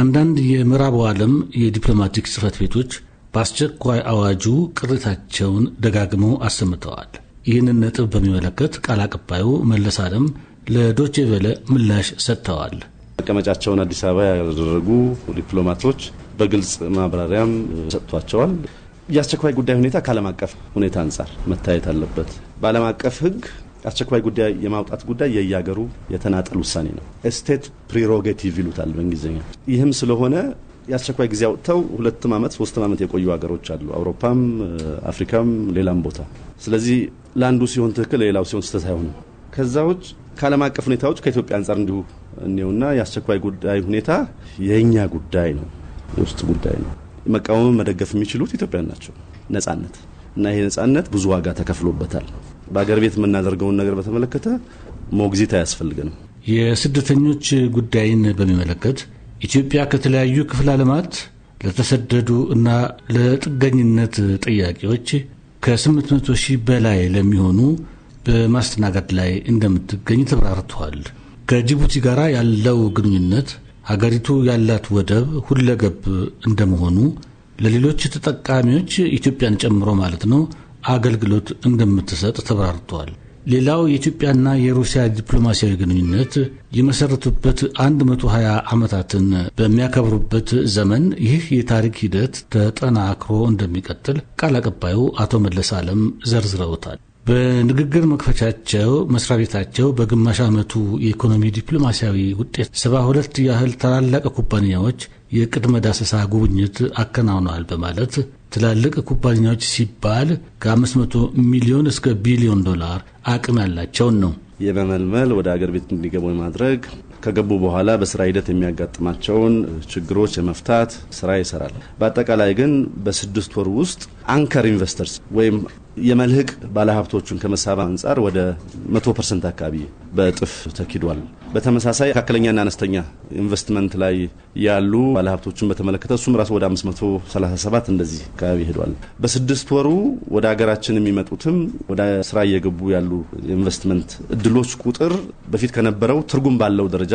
አንዳንድ የምዕራቡ ዓለም የዲፕሎማቲክ ጽህፈት ቤቶች በአስቸኳይ አዋጁ ቅሬታቸውን ደጋግመው አሰምተዋል። ይህንን ነጥብ በሚመለከት ቃል አቀባዩ መለስ ዓለም ለዶቼ ቬለ ምላሽ ሰጥተዋል። መቀመጫቸውን አዲስ አበባ ያደረጉ ዲፕሎማቶች በግልጽ ማብራሪያም ሰጥቷቸዋል። የአስቸኳይ ጉዳይ ሁኔታ ከዓለም አቀፍ ሁኔታ አንጻር መታየት አለበት። በዓለም አቀፍ ሕግ አስቸኳይ ጉዳይ የማውጣት ጉዳይ የየሀገሩ የተናጠል ውሳኔ ነው። ስቴት ፕሪሮጌቲቭ ይሉታል በእንግሊዝኛ። ይህም ስለሆነ የአስቸኳይ ጊዜ አውጥተው ሁለትም ዓመት ሶስትም ዓመት የቆዩ ሀገሮች አሉ፣ አውሮፓም አፍሪካም ሌላም ቦታ። ስለዚህ ለአንዱ ሲሆን ትክክል ለሌላው ሲሆን ስህተት አይሆንም። ከዛ ውጭ ከዓለም አቀፍ ሁኔታዎች ከኢትዮጵያ አንጻር እንዲሁ እኔውና የአስቸኳይ ጉዳይ ሁኔታ የእኛ ጉዳይ ነው፣ የውስጥ ጉዳይ ነው። መቃወም መደገፍ የሚችሉት ኢትዮጵያን ናቸው። ነጻነት እና ይሄ ነጻነት ብዙ ዋጋ ተከፍሎበታል። በአገር ቤት የምናደርገውን ነገር በተመለከተ ሞግዚት አያስፈልገንም። የስደተኞች ጉዳይን በሚመለከት ኢትዮጵያ ከተለያዩ ክፍለ ዓለማት ለተሰደዱ እና ለጥገኝነት ጥያቄዎች ከ800 ሺህ በላይ ለሚሆኑ በማስተናገድ ላይ እንደምትገኝ ተብራርተዋል። ከጅቡቲ ጋር ያለው ግንኙነት ሀገሪቱ ያላት ወደብ ሁለገብ እንደመሆኑ ለሌሎች ተጠቃሚዎች ኢትዮጵያን ጨምሮ ማለት ነው አገልግሎት እንደምትሰጥ ተብራርተዋል። ሌላው የኢትዮጵያና የሩሲያ ዲፕሎማሲያዊ ግንኙነት የመሰረቱበት 120 ዓመታትን በሚያከብሩበት ዘመን ይህ የታሪክ ሂደት ተጠናክሮ እንደሚቀጥል ቃል አቀባዩ አቶ መለስ ዓለም ዘርዝረውታል። በንግግር መክፈቻቸው መስሪያ ቤታቸው በግማሽ ዓመቱ የኢኮኖሚ ዲፕሎማሲያዊ ውጤት ሰባ ሁለት ያህል ታላላቅ ኩባንያዎች የቅድመ ዳሰሳ ጉብኝት አከናውነዋል በማለት ትላልቅ ኩባንያዎች ሲባል ከ500 ሚሊዮን እስከ ቢሊዮን ዶላር አቅም ያላቸውን ነው የመመልመል ወደ አገር ቤት እንዲገቡ የማድረግ ከገቡ በኋላ በስራ ሂደት የሚያጋጥማቸውን ችግሮች የመፍታት ስራ ይሰራል። በአጠቃላይ ግን በስድስት ወር ውስጥ አንከር ኢንቨስተርስ ወይም የመልህቅ ባለሀብቶቹን ከመሳብ አንጻር ወደ 100 ፐርሰንት አካባቢ በእጥፍ ተኪዷል። በተመሳሳይ መካከለኛና አነስተኛ ኢንቨስትመንት ላይ ያሉ ባለሀብቶችን በተመለከተ እሱም ራሱ ወደ 537 እንደዚህ አካባቢ ሄዷል። በስድስት ወሩ ወደ ሀገራችን የሚመጡትም ወደ ስራ እየገቡ ያሉ ኢንቨስትመንት እድሎች ቁጥር በፊት ከነበረው ትርጉም ባለው ደረጃ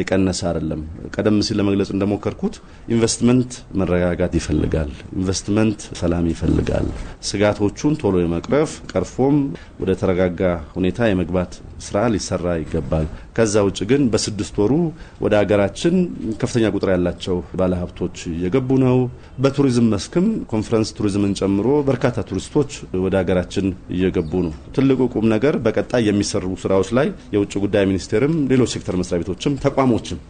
የቀነሰ አይደለም። ቀደም ሲል ለመግለጽ እንደሞከርኩት ኢንቨስትመንት መረጋጋት ይፈልጋል። ኢንቨስትመንት ሰላም ይፈልጋል። ስጋቶቹን ቶሎ የመቅረፍ ቀርፎም ወደ ተረጋጋ ሁኔታ የመግባት ስራ ሊሰራ ይገባል። ከዛ ውጭ ግን በስድስት ወሩ ወደ ሀገራችን ከፍተኛ ቁጥር ያላቸው ባለሀብቶች እየገቡ ነው። በቱሪዝም መስክም ኮንፈረንስ ቱሪዝምን ጨምሮ በርካታ ቱሪስቶች ወደ ሀገራችን እየገቡ ነው። ትልቁ ቁም ነገር በቀጣይ የሚሰሩ ስራዎች ላይ የውጭ ጉዳይ ሚኒስቴርም፣ ሌሎች ሴክተር መስሪያ ቤቶችም፣ ተቋሞችም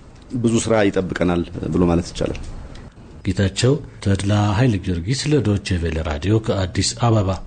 ብዙ ስራ ይጠብቀናል ብሎ ማለት ይቻላል። ጌታቸው ተድላ ኃይለ ጊዮርጊስ ለዶቼ ቬለ ራዲዮ ከአዲስ አበባ